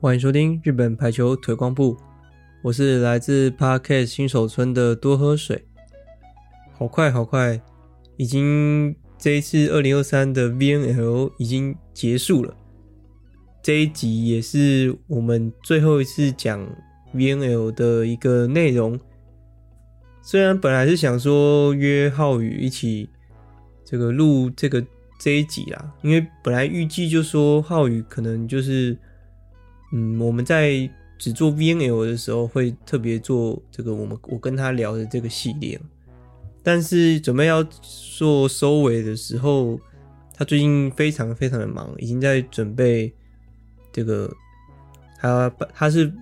歡迎收聽日本排球推廣部。我是來自 Podcast 新手村的多喝水，好快好快，已經這一次二零二三的 VNL 已經結束了，這一集也是我們最後一次講 VNL 的一個內容。雖然本來是想說約浩宇一起這個錄這個這一集啦，因為本來預計就說浩宇可能就是，嗯，我們在。只做 VNL 的時候會特別做這個，我們我跟他聊的這個系列，但是準備要做收尾的時候，他最近非常非常的忙，已經在準備這個，他他是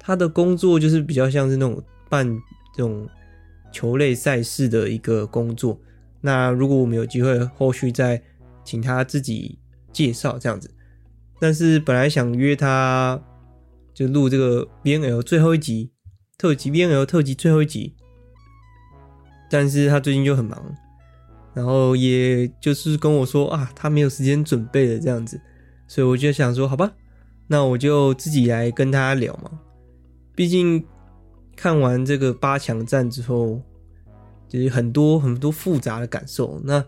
他的工作就是比較像是那種辦這種球類賽事的一個工作。那如果我們有機會後續再請他自己介紹這樣子，但是本來想約他。就錄這個 VNL 最後一集特輯 VNL 特輯最後一集，但是他最近就很忙，然後也就是跟我說啊，他沒有時間準備了這樣子，所以我就想說，好吧，那我就自己來跟他聊嘛。畢竟看完這個八強戰之後，就是很多很多複雜的感受，那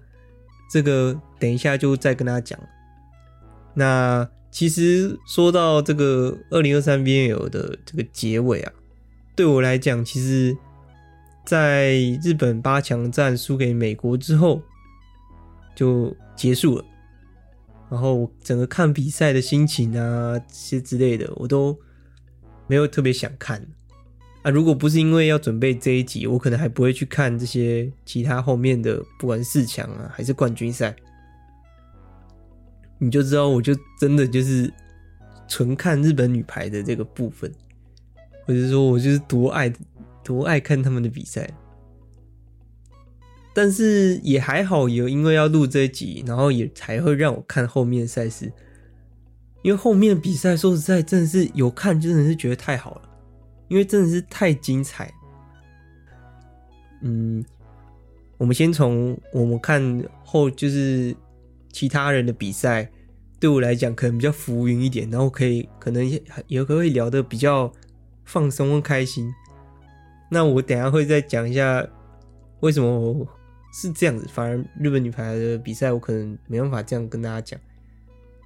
這個等一下就再跟大家講。那。其實說到這個二零二三邊 b l 的這個結尾啊，對我來講，其實，在日本八強戰輸給美國之後就結束了。然後整個看比賽的心情啊，這些之類的，我都沒有特別想看。啊，如果不是因為要準備這一集，我可能還不會去看這些其他後面的，不管是四強啊，還是冠軍賽。你就知道，我就真的就是純看日本女排的這個部分，我是說，我就是多愛多愛看他們的比賽。但是也還好，有因為要錄這一集，然後也才會讓我看後面賽事。因為後面的比賽說實在，真的是有看，真的是覺得太好了，因為真的是太精彩。嗯，我們先從我們看後就是。其他人的比賽，對我來講可能比較浮雲一點，然後可以可能也有可以會聊得比較放鬆跟開心。那我等一下會再講一下為什麼是這樣子，反而日本女排的比賽我可能沒辦法這樣跟大家講，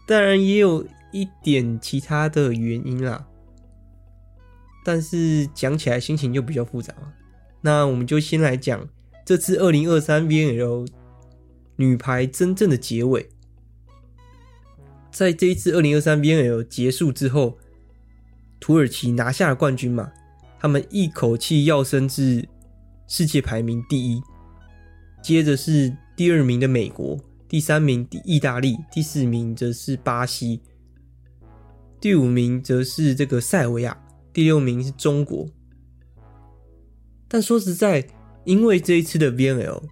當然也有一點其他的原因啦。但是講起來心情就比較複雜嘛。那我們就先來講這次二零二三 V N L。女排真正的結尾，在這一次二零二三 VNL 結束之後，土耳其拿下了冠軍嘛，他們一口氣躍升至世界排名第一，接着是第二名的美國，第三名的意大利，第四名則是巴西，第五名則是這個塞爾維亞，第六名是中國。但說實在，因為這一次的 VNL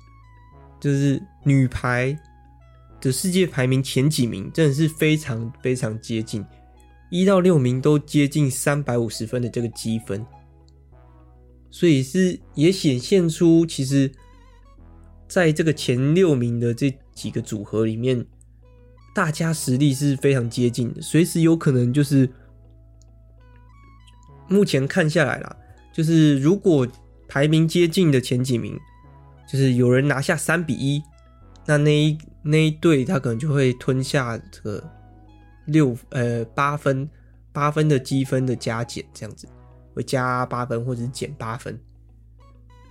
就是，女排的世界排名前幾名真的是非常非常接近，一到六名都接近三百五十分的這個積分，所以是也顯現出，其實，在這個前六名的這幾個組合裡面，大家實力是非常接近的，隨時有可能就是，目前看下來啦，就是如果排名接近的前幾名，就是有人拿下三比一，那那一那一隊，他可能就會吞下這個六呃、八分八分的積分的加減這樣子，會加八分或者是減八分。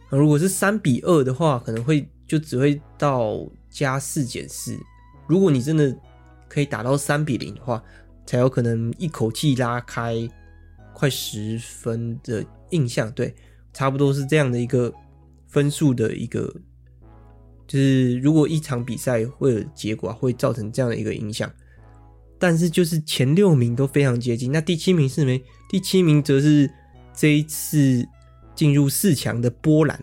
如果是三比二的話，可能會就只會到加四減四。如果你真的可以打到三比零的話，才有可能一口氣拉開快十分的印象。對，差不多是這樣的一個分數的一個。就是如果一場比賽會有結果，會造成這樣的一個影響。但是就是前六名都非常接近，那第七名是沒？第七名則是這一次進入四強的波蘭，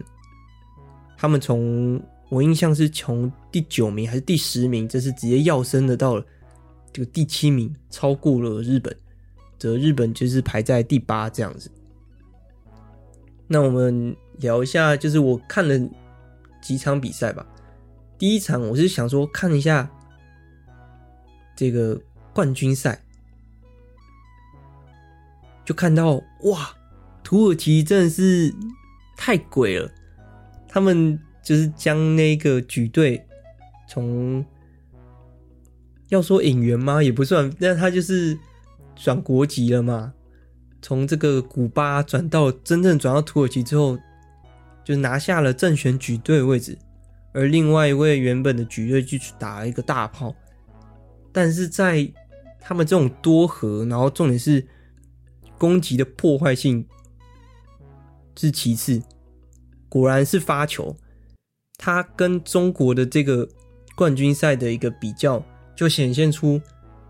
他們從我印象是從第九名還是第十名，這是直接躍升的到了這個第七名，超過了日本，則日本就是排在第八這樣子。那我們聊一下，就是我看了幾場比賽吧。第一場我是想說看一下這個冠軍賽，就看到哇，土耳其真的是太鬼了！他們就是將那個舉隊從要說引援嗎？也不算，但他就是轉國籍了嘛。從這個古巴轉到真正轉到土耳其之後，就拿下了正選舉隊的位置。而另外一位原本的局隊就去打了一個大炮，但是在他們這種多核，然後重點是攻擊的破壞性是其次，果然是發球。他跟中國的這個冠軍賽的一個比較，就顯現出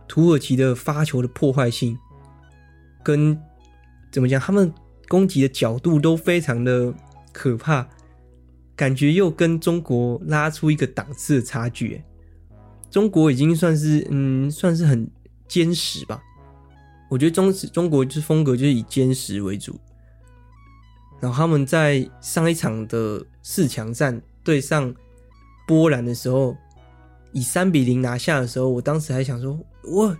土耳其的發球的破壞性，跟怎麼講，他們攻擊的角度都非常的可怕。感覺又跟中國拉出一個檔次的差距耶。中國已經算是嗯，算是很堅實吧。我覺得中中國就是風格就是以堅實為主。然後他們在上一場的四強戰對上波蘭的時候，以三比零拿下的時候，我當時還想說，哇，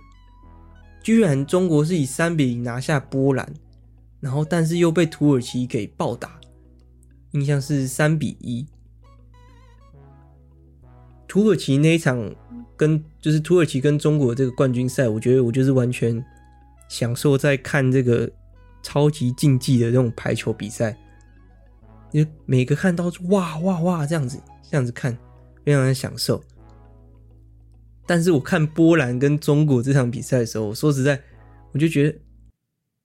居然中國是以三比零拿下波蘭，然後但是又被土耳其給暴打。印象是三比一，土耳其那一場跟就是土耳其跟中國的這個冠軍賽，我覺得我就是完全享受在看這個超級競技的這種排球比賽，因為每個看到哇哇哇這樣子這樣子看，非常的享受。但是我看波蘭跟中國這場比賽的時候，我說實在，我就覺得，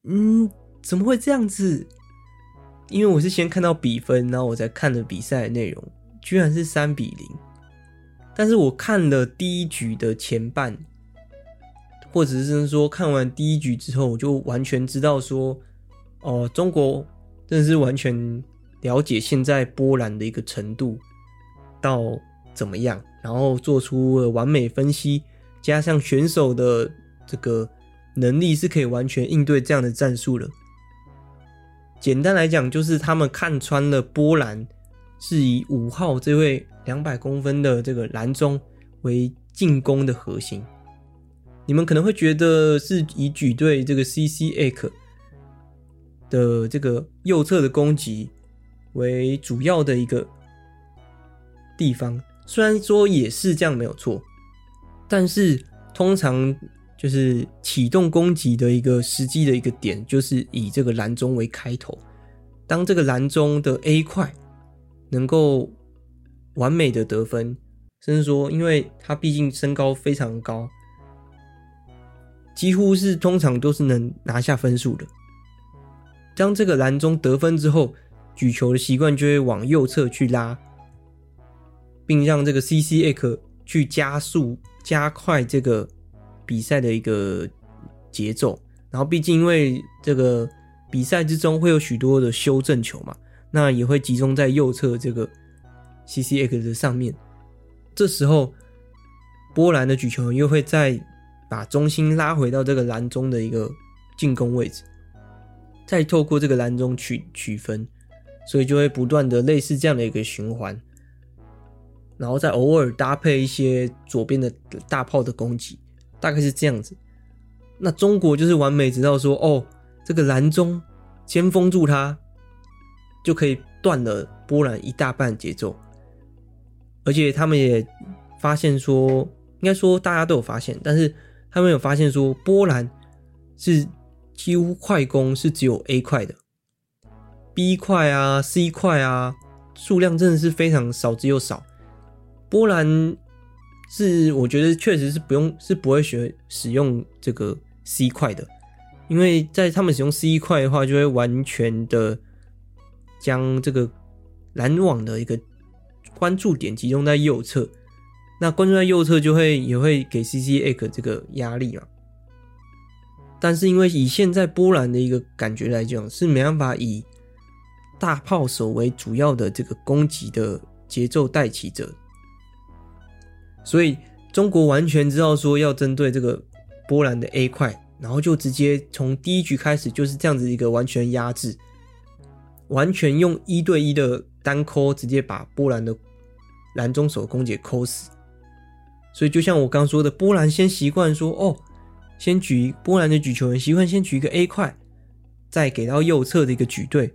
嗯，怎麼會這樣子？因為我是先看到比分，然後我才看了比賽的內容，居然是三比零。但是我看了第一局的前半，或者是說看完第一局之後，我就完全知道說，哦、呃，中國真的是完全了解現在波蘭的一個程度到怎麼樣，然後做出了完美分析，加上選手的這個能力是可以完全應對這樣的戰術了。簡單來講，就是他們看穿了波蘭是以五號這位兩百公分的這個攔中為進攻的核心。你們可能會覺得是以舉對這個 C C A 的這個右側的攻擊為主要的一個地方，雖然說也是這樣沒有錯，但是通常。就是啟動攻擊的一個實際的一個點，就是以這個攔中為開頭。當這個攔中的 A 快能夠完美的得分，甚至說，因為它畢竟身高非常高，幾乎是通常都是能拿下分數的。當這個攔中得分之後，舉球的習慣就會往右側去拉，並讓這個 C C X 去加速加快這個。比賽的一個節奏，然後畢竟因為這個比賽之中會有許多的修正球嘛，那也會集中在右側這個 CCX 的上面。這時候波蘭的舉球員，又會再把中心拉回到這個攔中的一個進攻位置，再透過這個攔中取取分，所以就會不斷的類似這樣的一個循環，然後再偶爾搭配一些左邊的大炮的攻擊。大概是這樣子，那中國就是完美，直到說哦，這個攔中先封住它，就可以斷了波蘭一大半節奏。而且他們也發現說，應該說大家都有發現，但是他們有發現說，波蘭是幾乎快攻是只有 A 快的，B 快啊、C 快啊，數量真的是非常少之又少。波蘭。是，我覺得確實是不用是不會學使用這個 C 塊的，因為在他們使用 C 塊的話，就會完全的將這個攔網的一個關注點集中在右側，那關注在右側就會也會給 CCX 這個壓力啊。但是因為以現在波蘭的一個感覺來講，是沒辦法以大炮手為主要的這個攻擊的節奏帶起者。所以中國完全知道說要針對這個波蘭的 A 塊，然後就直接從第一局開始就是這樣子一個完全壓制，完全用一對一的單摳直接把波蘭的藍中手攻給摳死。所以就像我剛說的，波蘭先習慣說哦，先舉波蘭的舉球員習慣先舉一個 A 塊，再給到右側的一個舉隊。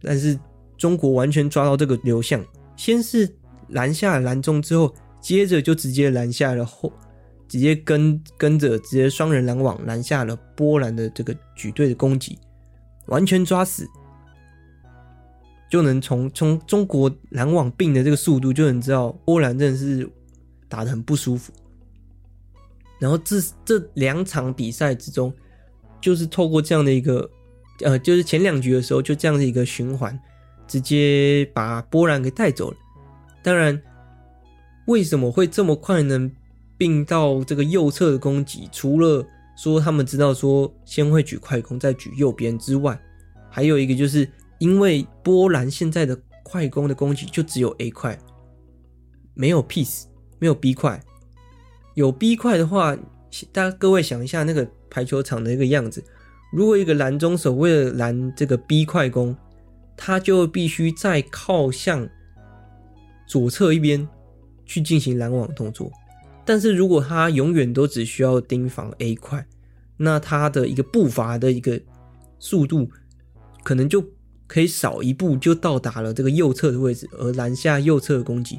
但是中國完全抓到這個流向，先是。攔下了攔中之後，接着就直接攔下了後，直接跟跟着直接雙人攔網攔下了波蘭的這個舉隊的攻擊，完全抓死，就能從從中國攔網並的這個速度就能知道波蘭真的是打得很不舒服。然後這這兩場比賽之中，就是透過這樣的一個，呃，就是前兩局的時候就這樣子一個循環，直接把波蘭給帶走了。當然，為什麼會這麼快能並到這個右側的攻擊？除了說他們知道說先會舉快攻，再舉右邊之外，還有一個就是因為波蘭現在的快攻的攻擊就只有 A 快，沒有 Piece，沒有 B 快。有 B 快的話，大家各位想一下那個排球場的那個樣子，如果一個攔中手為了攔這個 B 快攻，他就必須再靠向。左側一邊去進行攔網動作，但是如果他永遠都只需要盯防 A 塊，那他的一個步伐的一個速度，可能就可以少一步就到達了這個右側的位置，而攔下右側的攻擊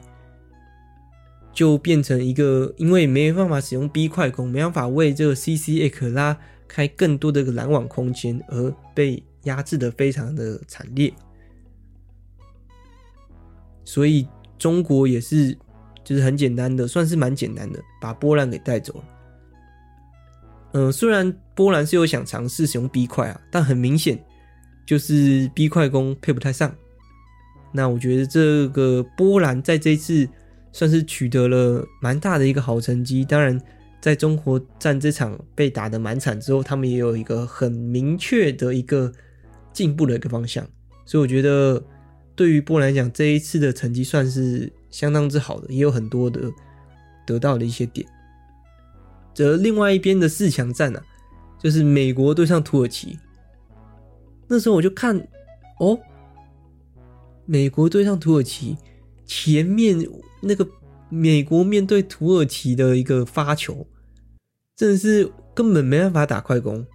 就變成一個，因為沒辦法使用 B 快攻，沒辦法為這個 C C A 可拉開更多的一個攔網空間，而被壓制得非常的慘烈，所以。中國也是，就是很簡單的，算是蠻簡單的，把波蘭給帶走了。嗯、呃，雖然波蘭是有想嘗試使用 B 快啊，但很明顯就是 B 快攻配不太上。那我覺得這個波蘭在這一次算是取得了蠻大的一個好成績。當然，在中國戰這場被打得蠻慘之後，他們也有一個很明確的一個進步的一個方向。所以我覺得。對於波蘭來講，這一次的成績算是相當之好的，也有很多的得到的一些點。則另外一邊的四強戰啊，就是美國對上土耳其。那時候我就看哦，美國對上土耳其，前面那個美國面對土耳其的一個發球，真的是根本沒辦法打快攻。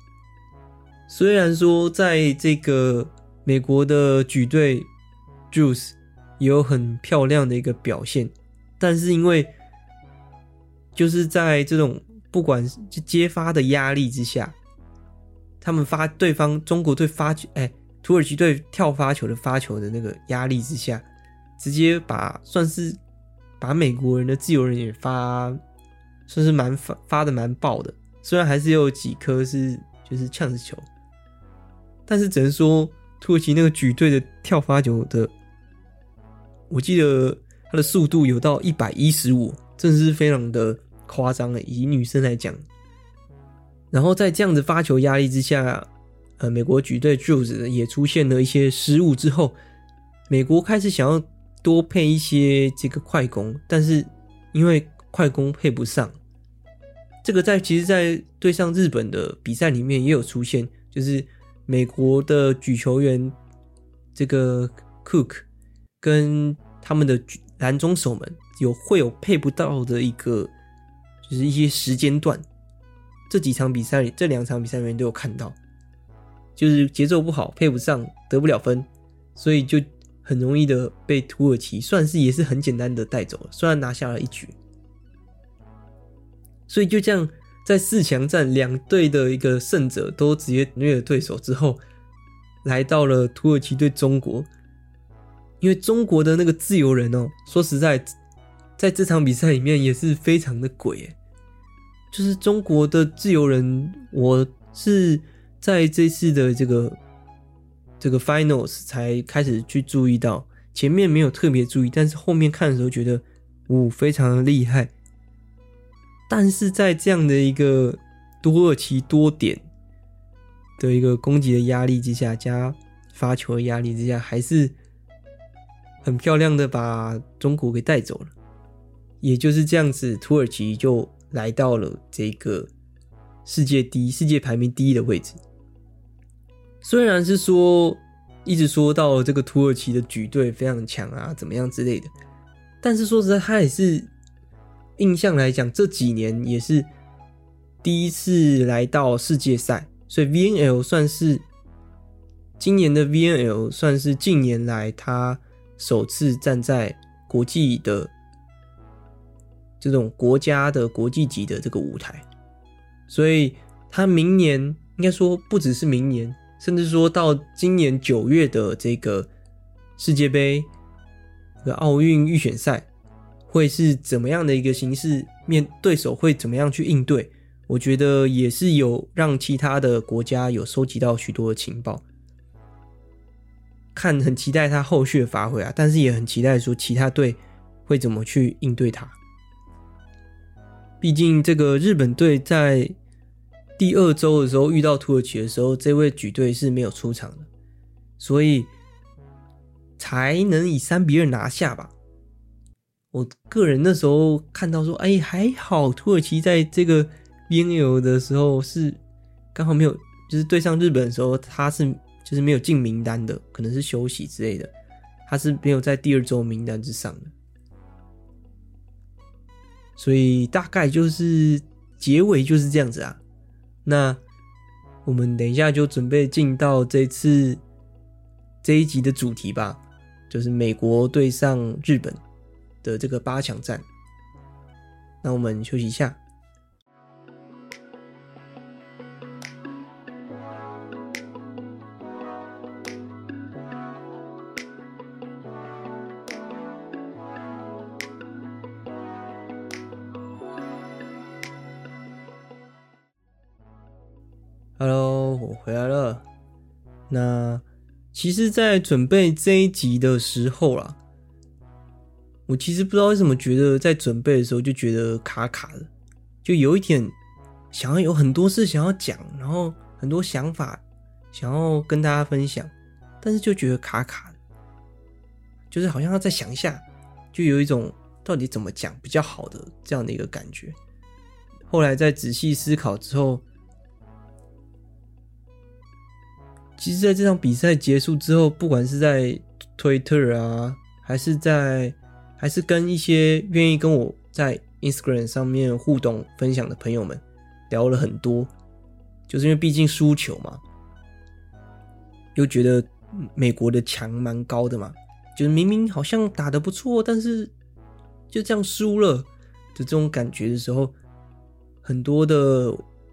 雖然說在這個美國的舉隊。Juice 有很漂亮的一個表現，但是因為就是在這種不管是接發的壓力之下，他們發對方中國隊發球，哎，土耳其隊跳發球的發球的那個壓力之下，直接把算是把美國人的自由人也發，算是蠻發發的蠻爆的，雖然還是有幾顆是就是嗆子球，但是只能說土耳其那個舉隊的跳發球的。我記得他的速度有到一百一十五，真是非常的誇張了。以女生來講，然後在這樣的發球壓力之下，呃，美國舉隊 Jones 也出現了一些失誤之後，美國開始想要多配一些這個快攻，但是因為快攻配不上，這個在其實，在對上日本的比賽裡面也有出現，就是美國的舉球員這個 Cook。跟他們的攔中手們有會有配不到的一個，就是一些時間段，這幾場比賽裡這兩場比賽裡面都有看到，就是節奏不好，配不上，得不了分，所以就很容易的被土耳其算是也是很簡單的帶走，雖然拿下了一局，所以就這樣在四強戰兩隊的一個勝者都直接虐了對手之後，來到了土耳其對中國。因為中國的那個自由人哦，說實在，在這場比賽裡面也是非常的鬼。就是中國的自由人，我是在這次的這個這個 finals 才開始去注意到，前面沒有特別注意，但是後面看的時候覺得，五、哦、非常的厲害。但是在這樣的一個多二七多點的一個攻擊的壓力之下，加發球的壓力之下，還是。很漂亮的把中國給帶走了，也就是這樣子，土耳其就來到了這個世界第一、世界排名第一的位置。雖然是說一直說到這個土耳其的舉隊非常強啊，怎麼樣之類的，但是說實在，他也是印象來講，這幾年也是第一次來到世界賽，所以 VNL 算是今年的 VNL 算是近年來他。首次站在國際的這種國家的國際級的這個舞台，所以他明年應該說不只是明年，甚至說到今年九月的這個世界杯、的、這個、奧運預選賽會是怎麼樣的一個形式？面對手會怎麼樣去應對？我覺得也是有讓其他的國家有收集到許多的情報。看，很期待他後續的發揮啊，但是也很期待說其他隊會怎麼去應對他。畢竟這個日本隊在第二周的時候遇到土耳其的時候，這位舉隊是沒有出場的，所以才能以三比二拿下吧。我個人那時候看到說，哎、欸，還好土耳其在這個邊游的時候是剛好沒有，就是對上日本的時候他是。就是沒有進名單的，可能是休息之類的，他是沒有在第二周名單之上的，所以大概就是結尾就是這樣子啊。那我們等一下就準備進到這次這一集的主題吧，就是美國對上日本的這個八強戰。那我們休息一下。其實，在準備這一集的時候啦、啊，我其實不知道為什麼覺得在準備的時候就覺得卡卡的，就有一點想要有很多事想要講，然後很多想法想要跟大家分享，但是就覺得卡卡的，就是好像要再想一下，就有一種到底怎麼講比較好的這樣的一個感覺。後來在仔細思考之後。其實，在這場比賽結束之後，不管是在推特啊，還是在，還是跟一些願意跟我在 Instagram 上面互動、分享的朋友們聊了很多，就是因為畢竟輸球嘛，又覺得美國的牆蠻高的嘛，就是明明好像打得不錯，但是就這樣輸了，就這種感覺的時候，很多的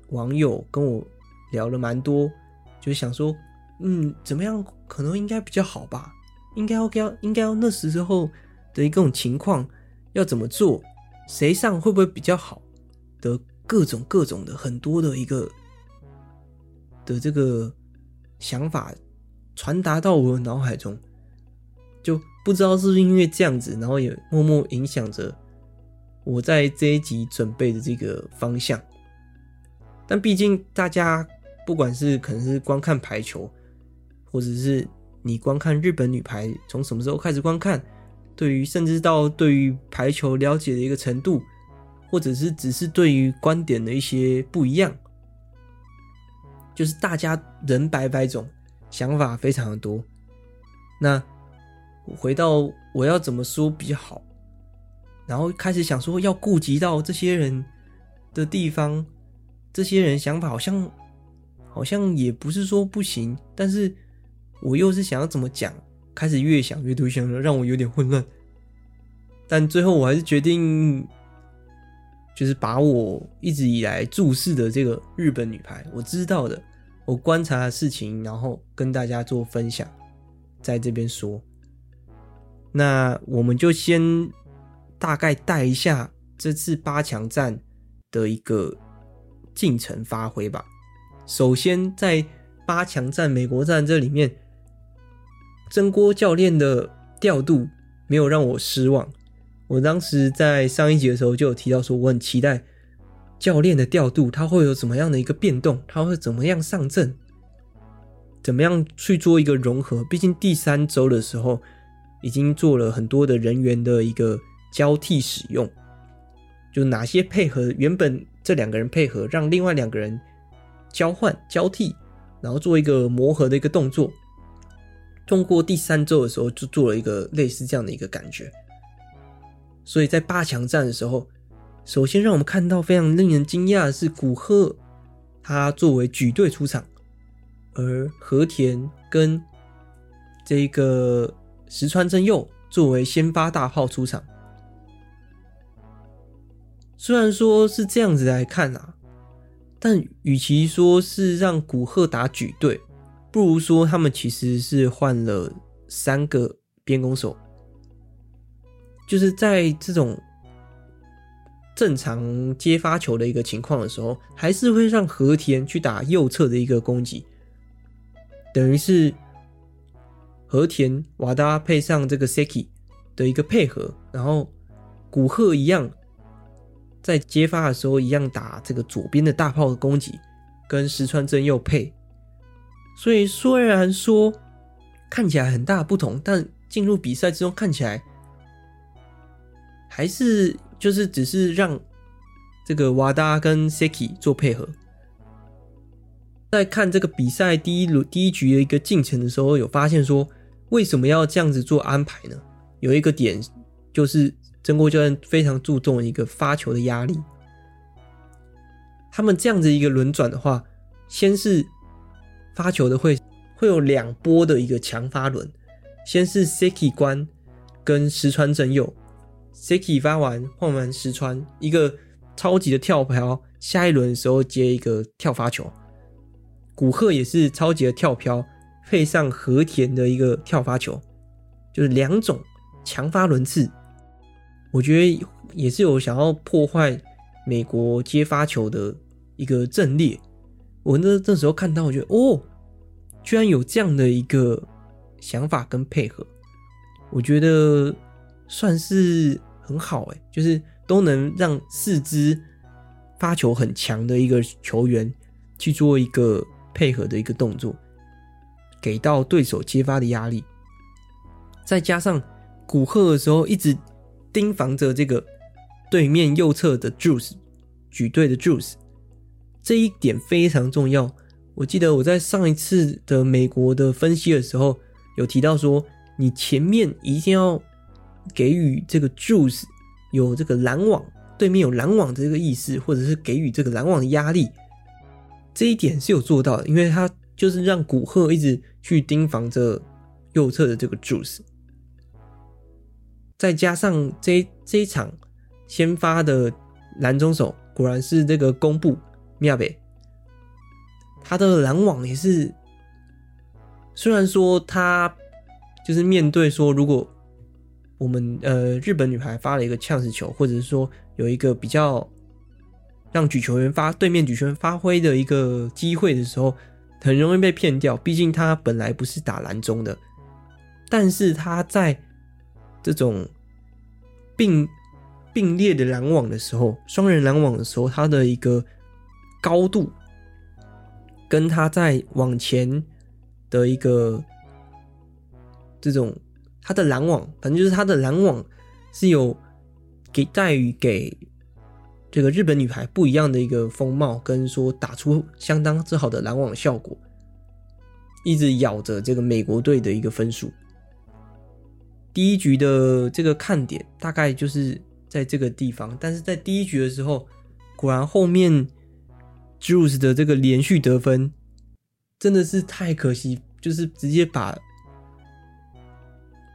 網友跟我聊了蠻多，就想說。嗯，怎麼樣？可能應該比較好吧？應該 o 應該要那時候的一種情況要怎麼做？誰上會不會比較好？的各種各種的很多的一個的這個想法傳達到我的腦海中，就不知道是不是因為這樣子，然後也默默影響着我在這一集準備的這個方向。但畢竟大家不管是可能是光看排球。或者是你觀看日本女排，從什麼時候開始觀看，對於甚至到對於排球了解的一個程度，或者是只是對於觀點的一些不一樣，就是大家人百百種想法非常的多。那回到我要怎麼說比較好，然後開始想說要顧及到這些人的地方，這些人想法好像好像也不是說不行，但是。我又是想要怎麼講？開始越想越獨想了，讓我有點混亂。但最後我還是決定，就是把我一直以來注視的這個日本女排，我知道的，我觀察的事情，然後跟大家做分享，在這邊說。那我們就先大概帶一下這次八強戰的一個進程發揮吧。首先在八強戰，美國戰這裡面。真鍋教練的調度沒有讓我失望。我當時在上一集的時候就有提到，說我很期待教練的調度，他會有怎麼樣的一個變動，他會怎麼樣上陣，怎麼樣去做一個融合。畢竟第三周的時候已經做了很多的人員的一個交替使用，就哪些配合原本這兩個人配合，讓另外兩個人交換交替，然後做一個磨合的一個動作。通過第三周的時候，就做了一個類似這樣的一個感覺。所以在八強戰的時候，首先讓我們看到非常令人驚訝的是，古賀他作為舉對出場，而和田跟這個石川真佑作為先發大炮出場。雖然說是這樣子來看啊，但與其說是讓古賀打舉對。不如說，他們其實是換了三個邊攻手，就是在這種正常接發球的一個情況的時候，還是會讓和田去打右側的一個攻擊，等於是和田瓦達配上這個 Seki 的一個配合，然後古賀一樣在接發的時候一樣打這個左邊的大炮的攻擊，跟石川真佑配。所以雖然說看起來很大不同，但進入比賽之中看起來還是就是只是讓這個瓦達跟 Seki 做配合。在看這個比賽第一輪第一局的一個進程的時候，有發現說為什麼要這樣子做安排呢？有一個點就是曾國教練非常注重一個發球的壓力。他們這樣子一個輪轉的話，先是。發球的會會有兩波的一個強發輪，先是 Seki 關跟石川真佑，Seki 發完換完石川一個超級的跳飄，下一輪的時候接一個跳發球，古賀也是超級的跳飄，配上和田的一個跳發球，就是兩種強發輪次，我覺得也是有想要破壞美國接發球的一個陣列。我那這時候看到我覺得哦，居然有這樣的一個想法跟配合，我覺得算是很好哎，就是都能讓四肢发球很強的一個球員去做一個配合的一個動作，給到對手接发的壓力，再加上古賀的時候一直盯防着這個對面右側的 Juice，舉隊的 Juice。這一點非常重要。我記得我在上一次的美國的分析的時候，有提到說，你前面一定要給予這個 Juice 有這個攔網，對面有攔網的這個意思，或者是給予這個攔網的壓力。這一點是有做到的，因為他就是讓古賀一直去盯防着右側的這個 Juice，再加上這這一場先發的攔中手，果然是這個公布。妙北。他的攔網也是，雖然說他就是面對說，如果我們呃日本女排發了一個嗆死球，或者是說有一個比較讓舉球員發對面舉球員發揮的一個機會的時候，很容易被騙掉。畢竟他本來不是打攔中的但是他在這種並並列的攔網的時候，雙人攔網的時候，他的一個。高度，跟他在往前的一個這種他的攔網，反正就是他的攔網是有給帶於給這個日本女排不一樣的一個風貌，跟說打出相當之好的攔網效果，一直咬着這個美國隊的一個分數。第一局的這個看點大概就是在這個地方，但是在第一局的時候，果然後面。Juice 的這個連續得分真的是太可惜，就是直接把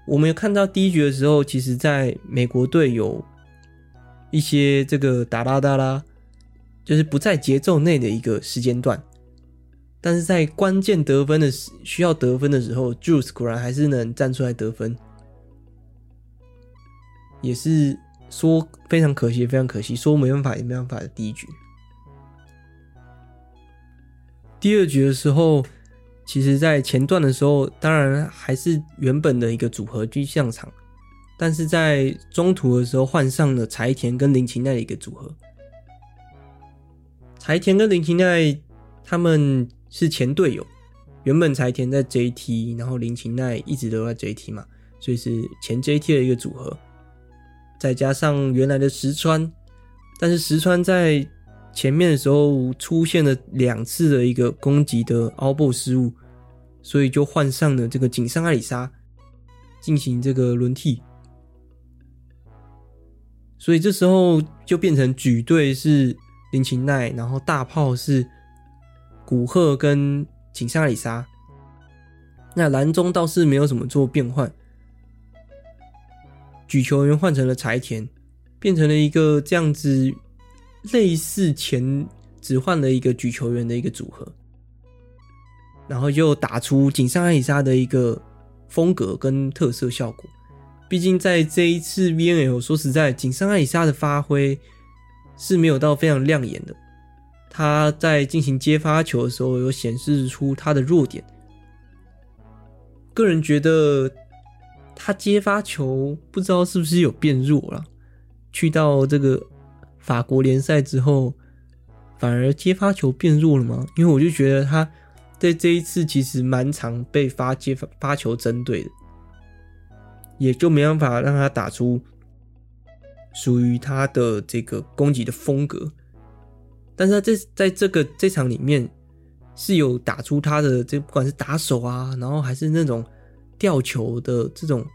我們有看到第一局的時候，其實在美國隊有一些這個噠啦噠啦，就是不在節奏內的一個時間段，但是在關鍵得分的時需要得分的時候，Juice 果然還是能站出來得分，也是說非常可惜，非常可惜，說沒辦法，也沒辦法的第一局。第二局的時候，其實，在前段的時候，當然還是原本的一個組合去上場，但是在中途的時候換上了柴田跟林琴奈的一個組合。柴田跟林琴奈他們是前隊友，原本柴田在 JT，然後林琴奈一直都在 JT 嘛，所以是前 JT 的一個組合，再加上原來的石川，但是石川在。前面的時候出現了兩次的一個攻擊的 out ball 失誤，所以就換上了這個井上愛里沙進行這個輪替，所以這時候就變成舉隊是林琴奈，然後大炮是古賀跟井上愛里沙，那藍中倒是沒有什麼做變換，舉球員換成了柴田，變成了一個這樣子。類似前只換了一個舉球員的一個組合，然後就打出井上愛里沙的一個風格跟特色效果。畢竟在這一次 VNL，說實在，井上愛里沙的發揮是沒有到非常亮眼的。他在進行接發球的時候，有顯示出他的弱點。個人覺得他接發球不知道是不是有變弱了，去到這個。法國聯賽之後，反而接發球變弱了嗎？因為我就覺得他在這一次其實蠻常被發接發球針對的，也就沒辦法讓他打出屬於他的這個攻擊的風格。但是他這在這個這場裡面是有打出他的這，不管是打手啊，然後還是那種吊球的這種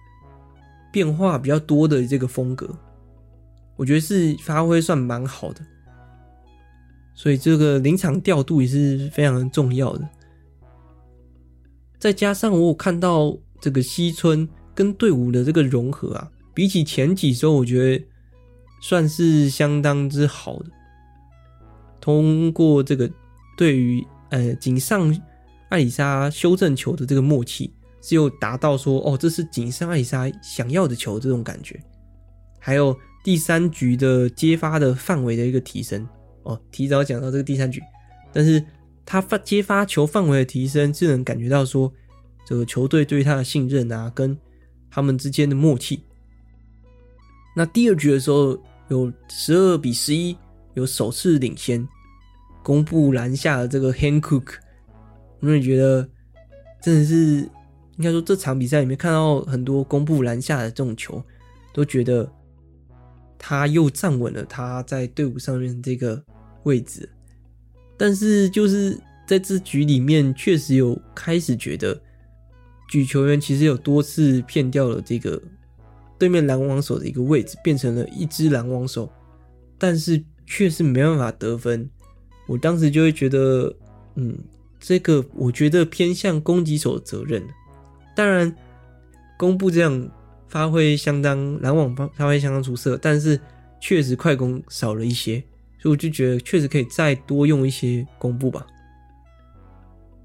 變化比較多的這個風格。我覺得是發揮算蠻好的，所以這個臨場調度也是非常重要的。再加上我有看到這個西村跟隊伍的這個融合啊，比起前幾周，我覺得算是相當之好的。通過這個對於呃井上愛里沙修正球的這個默契，是有達到說哦，這是井上愛里沙想要的球的這種感覺，還有。第三局的接發的範圍的一個提升哦，提早講到這個第三局，但是他發接發球範圍的提升，只能感覺到說這個球隊對他的信任啊，跟他們之間的默契。那第二局的時候有十二比十一，有首次領先，公布籃下的這個 hand cook，因為覺得真的是應該說這場比賽裡面看到很多公布籃下的這種球，都覺得。他又站穩了他在隊伍上面這個位置，但是就是在這局裡面，確實有開始覺得舉球員其實有多次騙掉了這個對面攔網手的一個位置，變成了一隻攔網手，但是卻是沒辦法得分。我當時就會覺得，嗯，這個我覺得偏向攻擊手的責任。當然，公布這樣。發揮相當攔網發發揮相當出色，但是確實快攻少了一些，所以我就覺得確實可以再多用一些攻布吧。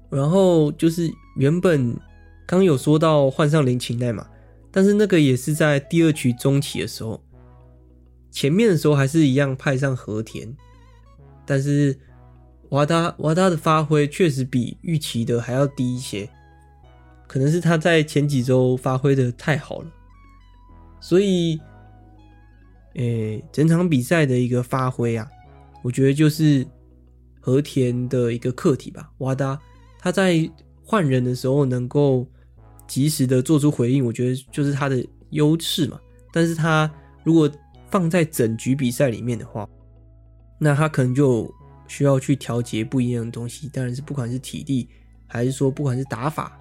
然後就是原本剛有說到換上林琴奈嘛，但是那個也是在第二局中期的時候，前面的時候還是一樣派上和田，但是瓦達瓦達的發揮確實比預期的還要低一些，可能是他在前幾週發揮的太好了。所以，誒，整場比賽的一個發揮啊，我覺得就是和田的一個課題吧。哇達，他在換人的時候能夠及時的做出回應，我覺得就是他的優勢嘛。但是他如果放在整局比賽裡面的話，那他可能就需要去調節不一樣的東西。當然是不管是體力，還是說不管是打法，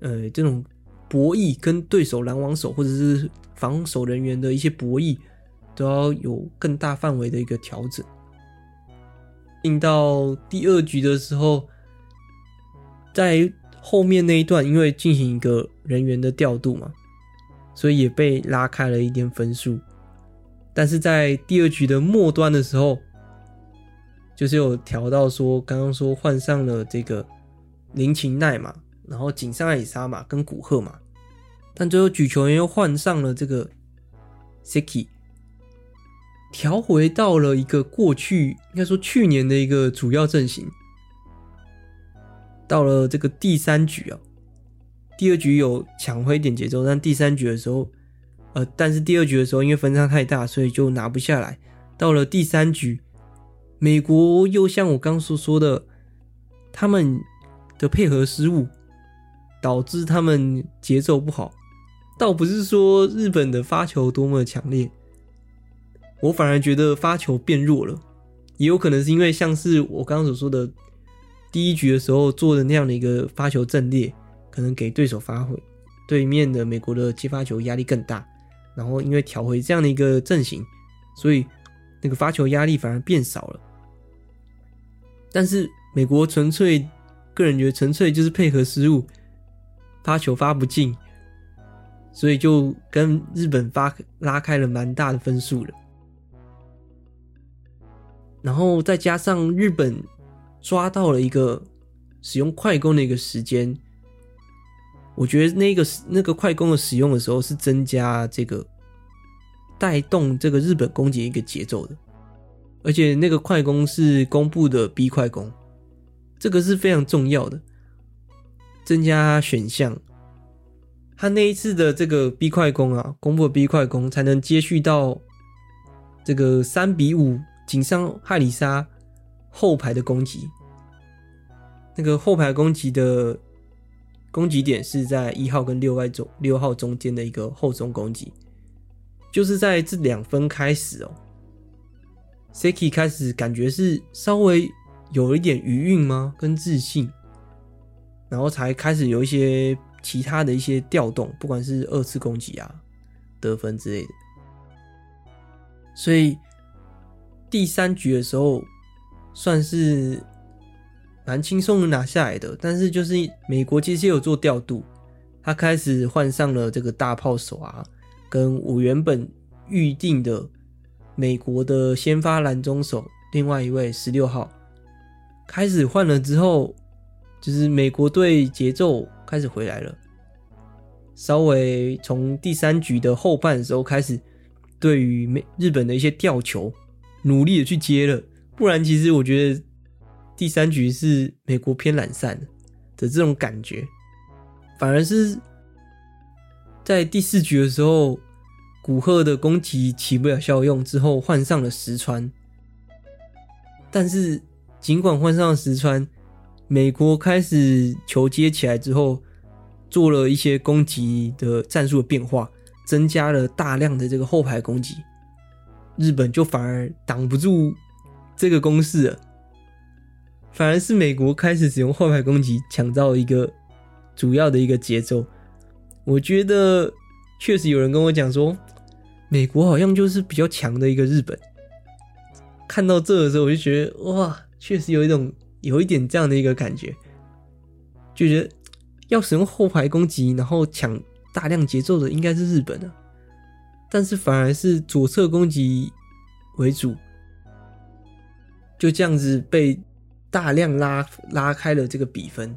呃，這種。博弈跟對手攔網手或者是防守人員的一些博弈，都要有更大範圍的一個調整。進到第二局的時候，在後面那一段，因為進行一個人員的調度嘛，所以也被拉開了一點分數。但是在第二局的末端的時候，就是有調到說，剛剛說換上了這個林琴奈嘛。然後井上愛里沙嘛，跟古賀嘛，但最後舉球員又換上了這個 Seki，調回到了一個過去應該說去年的一個主要陣型。到了這個第三局啊，第二局有搶回一點節奏，但第三局的時候，呃，但是第二局的時候因為分差太大，所以就拿不下來。到了第三局，美國又像我剛所說，說的，他們的配合失誤。導致他們節奏不好，倒不是說日本的發球多麼強烈，我反而覺得發球變弱了，也有可能是因為像是我剛剛所說的，第一局的時候做的那樣的一個發球陣列，可能給對手發揮，對面的美國的接發球壓力更大，然後因為調回這樣的一個陣型，所以那個發球壓力反而變少了。但是美國純粹個人覺得純粹就是配合失誤。發球發不進，所以就跟日本發拉開了蠻大的分數了。然後再加上日本抓到了一個使用快攻的一個時間，我覺得那個那個快攻的使用的時候是增加這個帶動這個日本攻擊一個節奏的，而且那個快攻是公布的 B 快攻，這個是非常重要的。增加選項，他那一次的這個 B 快攻啊，攻破 B 快攻才能接續到這個三比五井上愛里沙後排的攻擊。那個後排攻擊的攻擊點是在一號跟六外中六號中間的一個後中攻擊，就是在這兩分開始哦。Seki 開始感覺是稍微有一點餘韻嗎？跟自信。然後才開始有一些其他的一些調動，不管是二次攻擊啊、得分之類的。所以第三局的時候算是蠻輕鬆的拿下來的，但是就是美國其實也有做調度，他開始換上了這個大炮手啊，跟我原本預定的美國的先發攔中手，另外一位十六號開始換了之後。就是美國隊節奏開始回來了，稍微從第三局的後半的時候開始，對於美日本的一些吊球，努力的去接了，不然其實我覺得第三局是美國偏懶散的這種感覺，反而是在第四局的時候，古賀的攻擊起不了效用之後，換上了石川，但是儘管換上了石川。美國開始球接起來之後，做了一些攻擊的戰術的變化，增加了大量的這個後排攻擊，日本就反而擋不住這個攻勢了，反而是美國開始使用後排攻擊搶到一個主要的一個節奏。我覺得確實有人跟我講說，美國好像就是比較強的一個日本。看到這的時候，我就覺得哇，確實有一種。有一點這樣的一個感覺，就覺得要使用後排攻擊，然後搶大量節奏的應該是日本的啊，但是反而是左側攻擊為主，就這樣子被大量拉拉開了這個比分，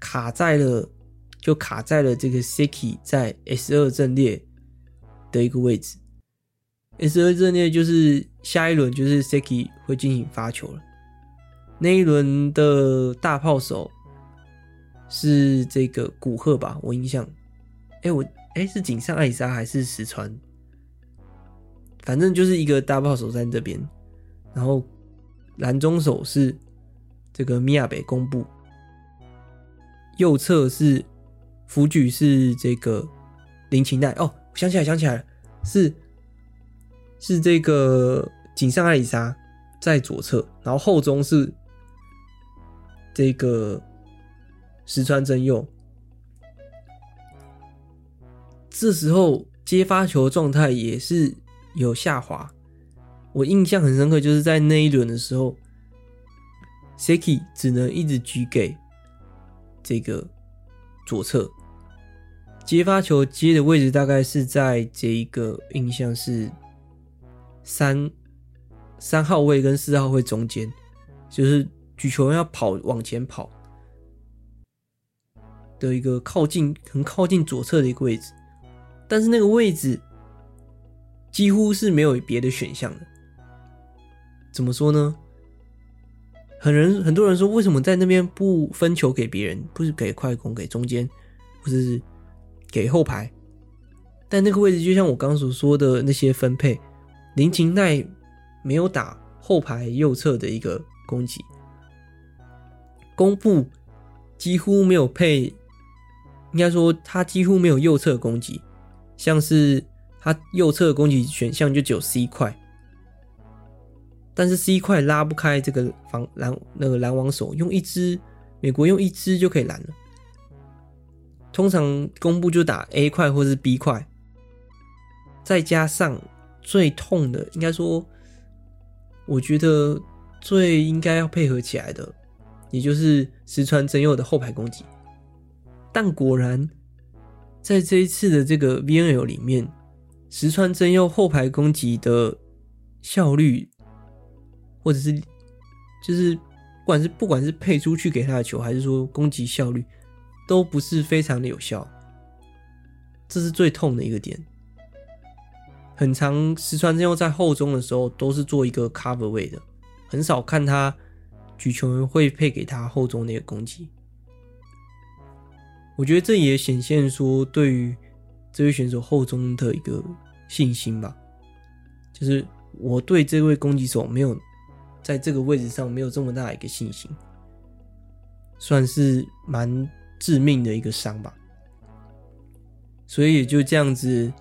卡在了就卡在了這個 Siki 在 S 二陣列的一個位置，S 二陣列就是下一輪就是 Siki 會進行發球了。那一輪的大炮手是這個古賀吧？我印象，哎、欸，我、欸、哎是井上愛里沙還是石川？反正就是一個大炮手在這邊，然後藍中手是這個米亞北宮部。右側是輔舉是這個林琴奈哦，想起來想起來了，是是這個井上愛里沙在左側，然後後中是。這個石川真佑，這時候接發球狀態也是有下滑。我印象很深刻，就是在那一輪的時候，Seki 只能一直舉給這個左側接發球接的位置，大概是在這一個印象是三三號位跟四號位中間，就是。舉球要跑，往前跑的一個靠近很靠近左側的一個位置，但是那個位置幾乎是沒有別的選項的。怎麼說呢？很人很多人說，為什麼在那邊不分球給別人，不是給快攻給中間，或者是給後排？但那個位置就像我剛所說的那些分配，林琴奈沒有打後排右側的一個攻擊。弓步幾乎沒有配，應該說他幾乎沒有右側攻擊，像是他右側攻擊選項就只有 C 塊，但是 C 塊拉不開這個防攔，那個攔網手，用一隻美國，用一隻就可以攔了。通常弓步就打 A 塊或者是 B 塊，再加上最痛的，應該說，我覺得最應該要配合起來的。也就是石川真佑的後排攻擊，但果然，在這一次的這個 VNL 裡面，石川真佑後排攻擊的效率，或者是就是不管是不管是配出去給他的球，還是說攻擊效率，都不是非常的有效。這是最痛的一個點。很常石川真佑在後中的時候都是做一個 cover 位的，很少看他，舉球員會配給他後中那個攻擊，我覺得這也顯現說對於這位選手後中的一個信心吧，就是我對這位攻擊手沒有在這個位置上沒有這麼大一個信心，算是蠻致命的一個傷吧，所以也就這樣子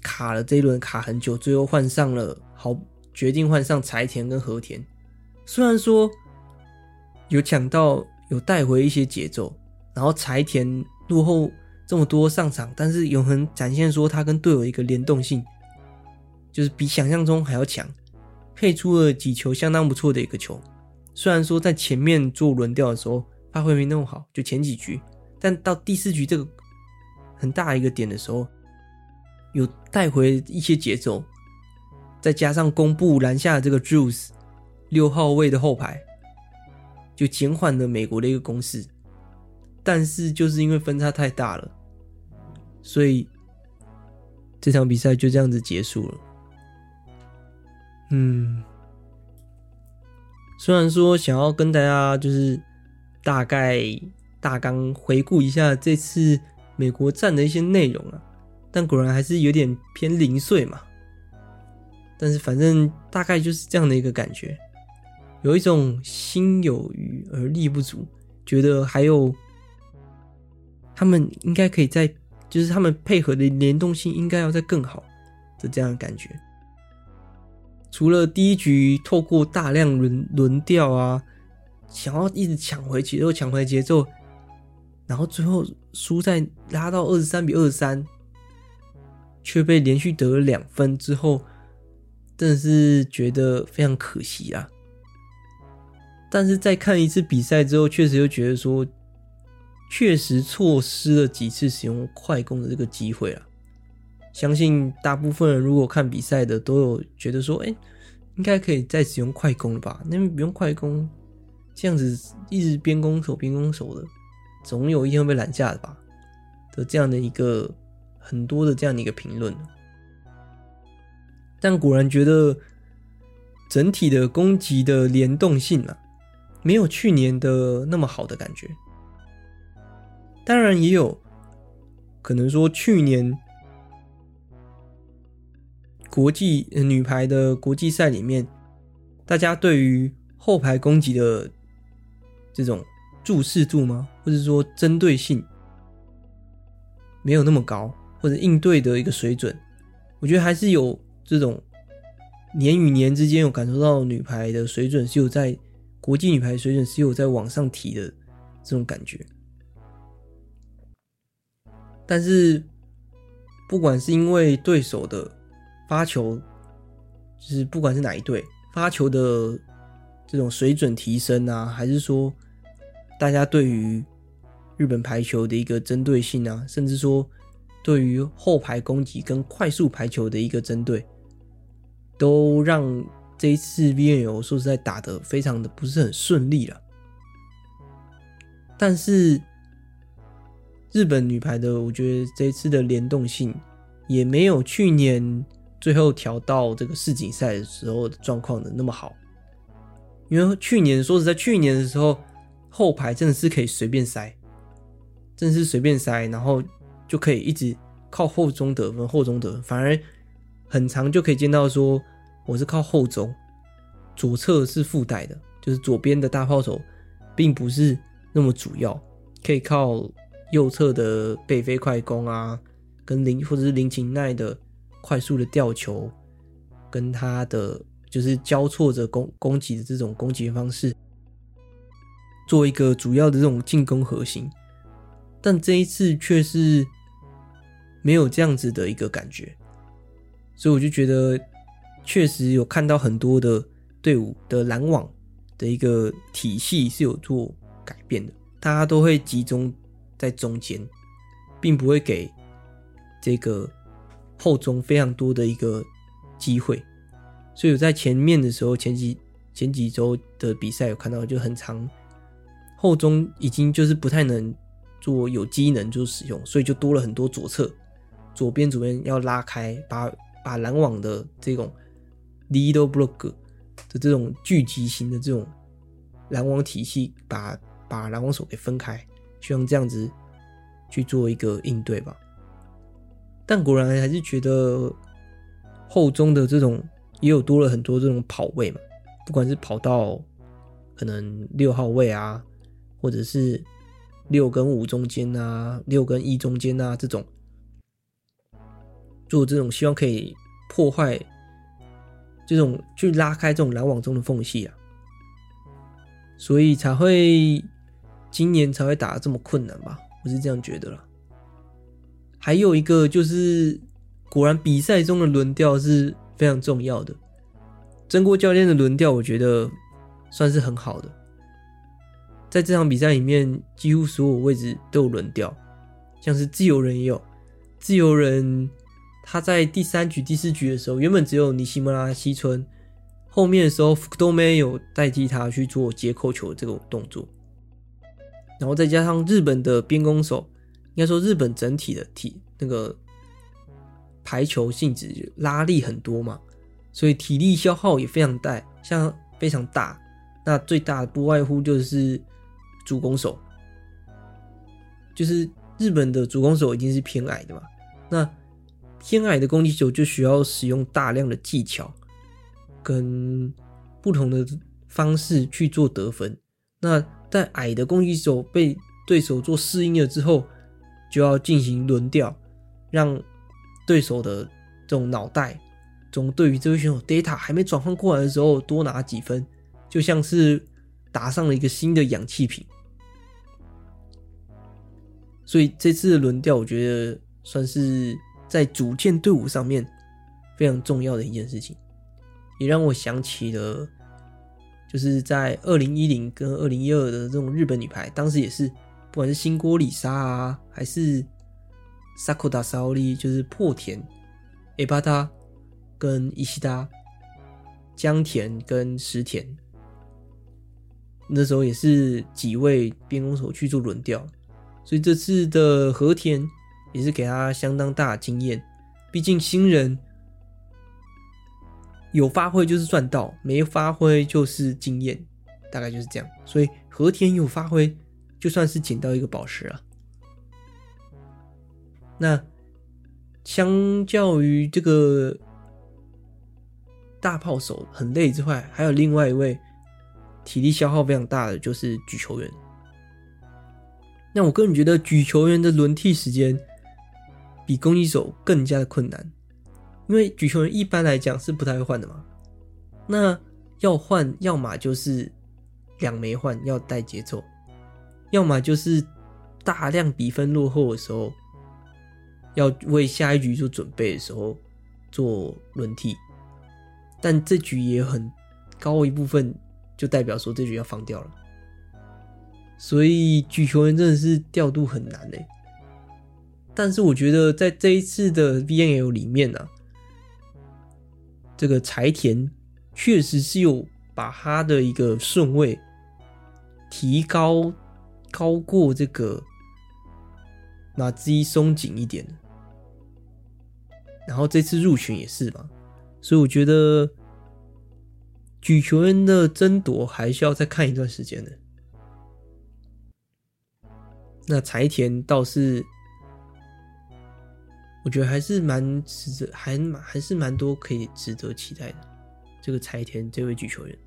卡了這一輪卡很久，最後換上了好。決定換上柴田跟和田，雖然說有搶到，有帶回一些節奏，然後柴田落後這麼多上場，但是有很展現說他跟隊友一個聯動性，就是比想象中還要強，配出了幾球相當不錯的一個球。雖然說在前面做輪調的時候發揮沒那麼好，就前幾局，但到第四局這個很大一個點的時候，有帶回一些節奏。再加上公布籃下的這個 Juice 六號位的後排，就減緩了美國的一個攻勢。但是就是因為分差太大了，所以這場比賽就這樣子結束了。嗯，雖然說想要跟大家就是大概大綱回顧一下這次美國站的一些內容啊，但果然還是有點偏零碎嘛。但是反正大概就是這樣的一個感覺，有一種心有餘而力不足，覺得還有他們應該可以在，就是他們配合的聯動性應該要再更好，的這樣的感覺。除了第一局透過大量輪輪調啊，想要一直搶回節奏，搶回節奏，然後最後輸在拉到二十三比二十三，卻被連續得了兩分之後。真的是覺得非常可惜啦，但是在看一次比賽之後，確實又覺得說，確實錯失了幾次使用快攻的這個機會啊。相信大部分人如果看比賽的，都有覺得說，哎，應該可以再使用快攻了吧？那邊不用快攻，這樣子一直邊攻守邊攻守的，總有一天會被攔下的吧？的這樣的一個很多的這樣的一個評論。但果然覺得整體的攻擊的聯動性啊，沒有去年的那麼好的感覺。當然也有可能說，去年國際、呃、女排的國際賽裡面，大家對於後排攻擊的這種注視度嗎，或者說針對性沒有那麼高，或者應對的一個水準，我覺得還是有。這種年與年之間有感受到女排的水準是有在國際女排水準是有在往上提的這種感覺，但是不管是因為對手的發球，就是不管是哪一隊發球的這種水準提升啊，還是說大家對於日本排球的一個針對性啊，甚至說對於後排攻擊跟快速排球的一個針對。都讓這一次 VNL 說實在打得非常的不是很順利了，但是日本女排的我覺得這一次的聯動性也沒有去年最後調到這個世錦賽的時候的狀況的那麼好，因為去年說實在，去年的時候後排真的是可以隨便塞，真的是隨便塞，然後就可以一直靠後中得分、後中得分，反而。很常就可以見到說，我是靠後軸，左側是附帶的，就是左邊的大炮手，並不是那麼主要，可以靠右側的背飛快攻啊，跟林或者是林琴奈的快速的吊球，跟他的就是交錯着攻攻擊的這種攻擊方式，做一個主要的這種進攻核心，但這一次卻是沒有這樣子的一個感覺。所以我就覺得，確實有看到很多的隊伍的攔網的一個體系是有做改變的，大家都會集中在中間，並不會給這個後中非常多的一個機會。所以我在前面的時候，前幾前幾周的比賽，有看到就很常，後中已經就是不太能做有機能就使用，所以就多了很多左側、左邊、左邊要拉開把。把攔網的這種 leader block 的這種聚集型的這種攔網體系把，把把攔網手給分開，像這樣子去做一個應對吧。但果然還是覺得後中的這種也有多了很多這種跑位嘛，不管是跑到可能六號位啊，或者是六跟五中間啊，六跟一中間啊這種。做這種希望可以破壞這種去拉開這種攔網中的縫隙啊，所以才會今年才會打得這麼困難吧？我是這樣覺得啦。還有一個就是，果然比賽中的輪調是非常重要的。中國教練的輪調，我覺得算是很好的。在這場比賽裡面，幾乎所有位置都有輪調，像是自由人也有自由人。他在第三局、第四局的時候，原本只有尼西莫拉西村，後面的時候都沒有代替他去做接扣球的這個動作。然後再加上日本的邊攻手，應該說日本整體的體那個排球性質拉力很多嘛，所以體力消耗也非常大，像非常大。那最大的不外乎就是主攻手，就是日本的主攻手已經是偏矮的嘛，那。偏矮的攻擊手就需要使用大量的技巧，跟不同的方式去做得分。那在矮的攻擊手被對手做適應了之後，就要進行輪調，讓對手的這種腦袋，總對於這位選手 data 還沒轉換過來的時候多拿幾分，就像是打上了一個新的氧氣瓶。所以這次的輪調，我覺得算是。在組建隊伍上面非常重要的一件事情，也讓我想起了，就是在二零一零跟二零一二的這種日本女排，當時也是不管是新鍋里沙啊，還是薩庫達沙奧利，就是破田、a 巴達跟伊西達、江田跟石田，那時候也是幾位邊攻手去做輪調，所以這次的和田，也是給他相當大的經驗，畢竟新人有發揮就是賺到，沒發揮就是經驗，大概就是這樣。所以和田有發揮，就算是撿到一個寶石了啊。那相較於這個大炮手很累之外，還有另外一位體力消耗非常大的就是舉球員。那我個人覺得舉球員的輪替時間。比攻擊手更加的困難，因為舉球員一般來講是不太會換的嘛。那要換，要麼就是兩枚換要帶節奏，要麼就是大量比分落後的時候，要為下一局做準備的時候做輪替。但這局也很高一部分，就代表說這局要放掉了。所以舉球員真的是調度很難呢、欸。但是我覺得在這一次的 VNL 裡面呢、啊，這個柴田確實是有把他的一個順位提高，高過這個那支松緊一點，然後這次入群也是吧，所以我覺得舉球員的爭奪還需要再看一段時間的。那柴田倒是。我覺得還是蠻值得，還蠻還是蠻多可以值得期待的。這個柴田這位舉球員，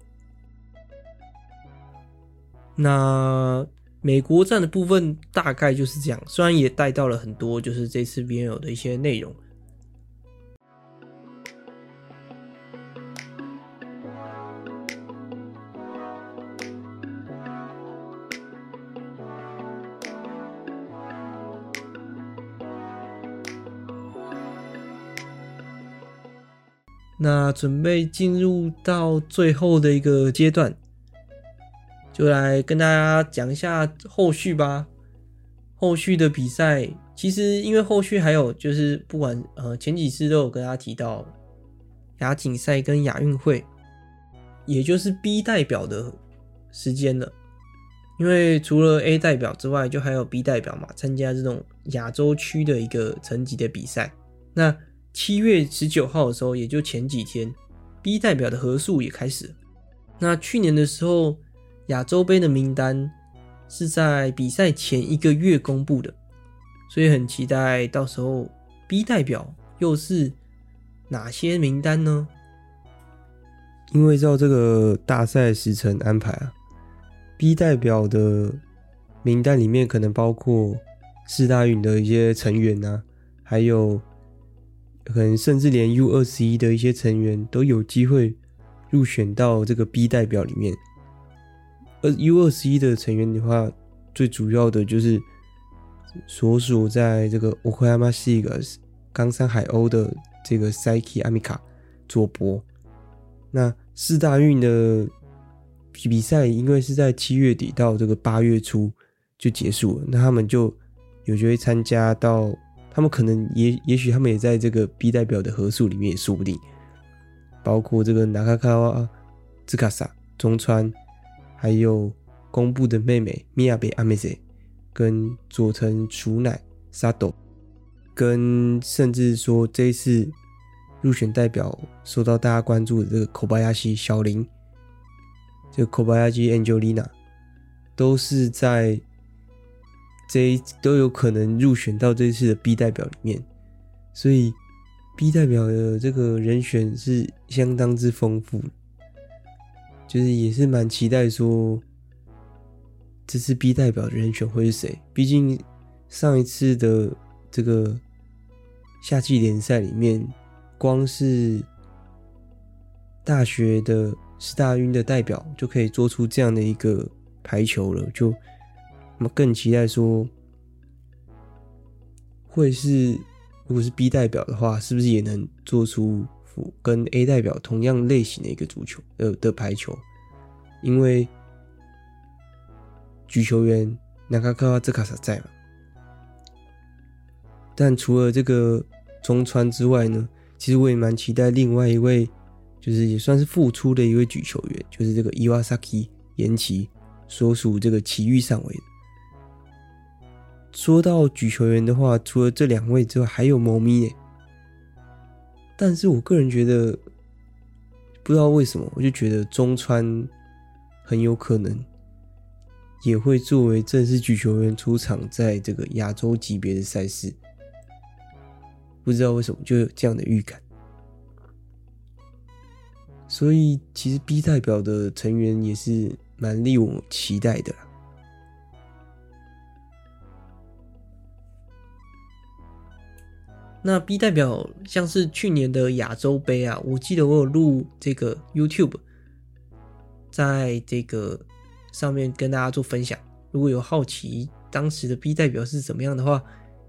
那美國站的部分大概就是這樣，雖然也帶到了很多就是這次 VNL 的一些內容。那準備進入到最後的一個階段，就來跟大家講一下後續吧。後續的比賽，其實因為後續還有就是不管呃前幾次都有跟大家提到，亞錦賽跟亞運會，也就是 B 代表的時間了。因為除了 A 代表之外，就還有 B 代表嘛，參加這種亞洲區的一個層級的比賽。那七月十九號的時候，也就前幾天，B 代表的合宿也開始了。那去年的時候，亞洲杯的名單是在比賽前一個月公布的，所以很期待到時候 B 代表又是哪些名單呢？因為照這個大賽時程安排啊，B 代表的名單裡面可能包括四大運的一些成員吶、啊，還有。可能甚至連 U 二十一的一些成員都有機會入選到這個 B 代表裡面。而 U 二十一的成員的話，最主要的就是所屬在這個 Okayama Seagulls 岡山海鷗的這個 Saiki Amika 佐伯。那四大運的比賽，因為是在七月底到這個八月初就結束了，那他們就有機會參加到。他們可能也，也許他們也在這個 B 代表的合宿裡面也說不定，包括這個 Nakagawa Tsukasa、中川，還有公布的妹妹米亞貝阿梅澤，跟佐藤雛乃、Sato，跟甚至說這一次入選代表受到大家關注的這個 Kobayashi 小林，這個 Kobayashi Angelina 都是在。這都有可能入選到這次的 B 代表裡面，所以 B 代表的這個人選是相當之豐富，就是也是蠻期待說這次 B 代表的人選會是誰。畢竟上一次的這個夏季聯賽裡面，光是大學的世大運的代表就可以做出這樣的一個排球了，就。那麼更期待說，會是如果是 B 代表的話，是不是也能做出跟 A 代表同樣類型的一個足球呃的排球？因為舉球員那加克阿茲卡薩在嘛，但除了這個中川之外呢，其實我也蠻期待另外一位，就是也算是復出的一位舉球員，就是這個伊瓦薩奇、岩崎，所屬這個奇遇上位的。說到舉球員的話，除了這兩位之外，還有貓咪耶。但是我個人覺得，不知道為什麼，我就覺得中川很有可能也會作為正式舉球員出場，在這個亞洲級別的賽事。不知道為什麼就有這樣的預感。所以，其實 B 代表的成員也是蠻令我期待的啦。那 B 代表像是去年的亞洲杯啊，我記得我有錄這個 YouTube，在這個上面跟大家做分享。如果有好奇當時的 B 代表是怎麼樣的話，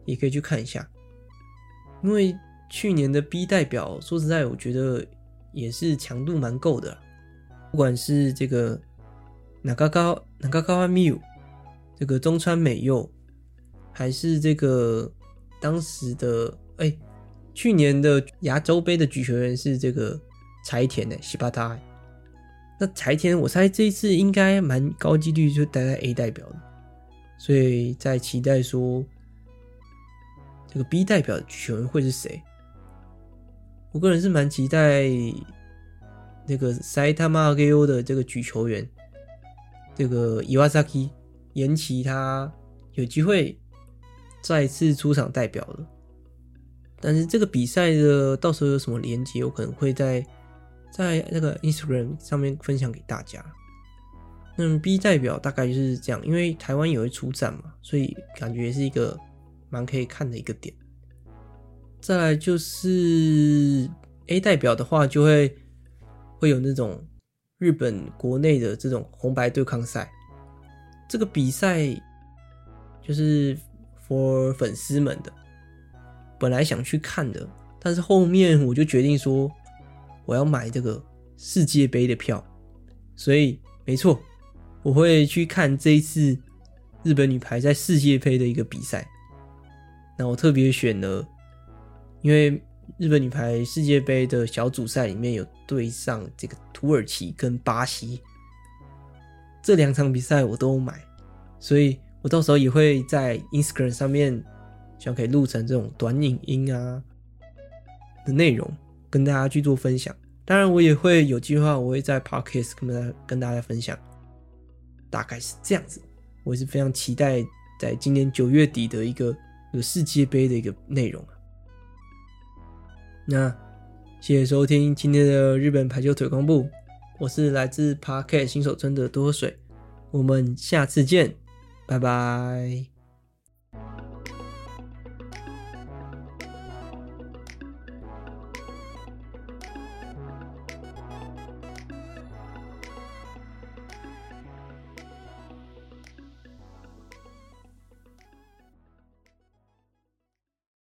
也可以去看一下。因為去年的 B 代表，說實在，我覺得也是強度蠻夠的，不管是這個南高高南高高安 u 這個中川美佑，還是這個當時的。哎、欸，去年的亞洲杯的舉球員是這個柴田誒，西巴塔。那柴田，我猜這一次應該蠻高幾率就待在 A 代表的，所以在期待說這個 B 代表的舉球員會是誰？我個人是蠻期待那個 Saitama Ageo 的這個舉球員，這個 Iwasaki 延崎他有機會再次出場代表了。但是這個比賽的到時候有什麼連接，我可能會在在那個 Instagram 上面分享給大家。那麼，B 代表大概就是這樣，因為台灣也會出戰嘛，所以感覺是一個蠻可以看的一個點。再來就是 A 代表的話，就會會有那種日本國內的這種紅白對抗賽。這個比賽就是 for 粉絲們的。本來想去看的，但是後面我就決定說，我要買這個世界盃的票，所以沒錯，我會去看這一次日本女排在世界盃的一個比賽。那我特別選了，因為日本女排世界盃的小組賽裡面有對上這個土耳其跟巴西。這兩場比賽我都買，所以我到時候也會在 Instagram 上面。像可以錄成這種短影音啊的內容，跟大家去做分享。當然，我也會有計劃，我會在 Podcast 跟大跟大家分享，大概是這樣子。我也是非常期待在今年九月底的一個有世界杯的一個內容、啊。那謝謝收聽今天的日本排球推廣部，我是來自 Podcast 新手村的多喝水，我們下次見，拜拜。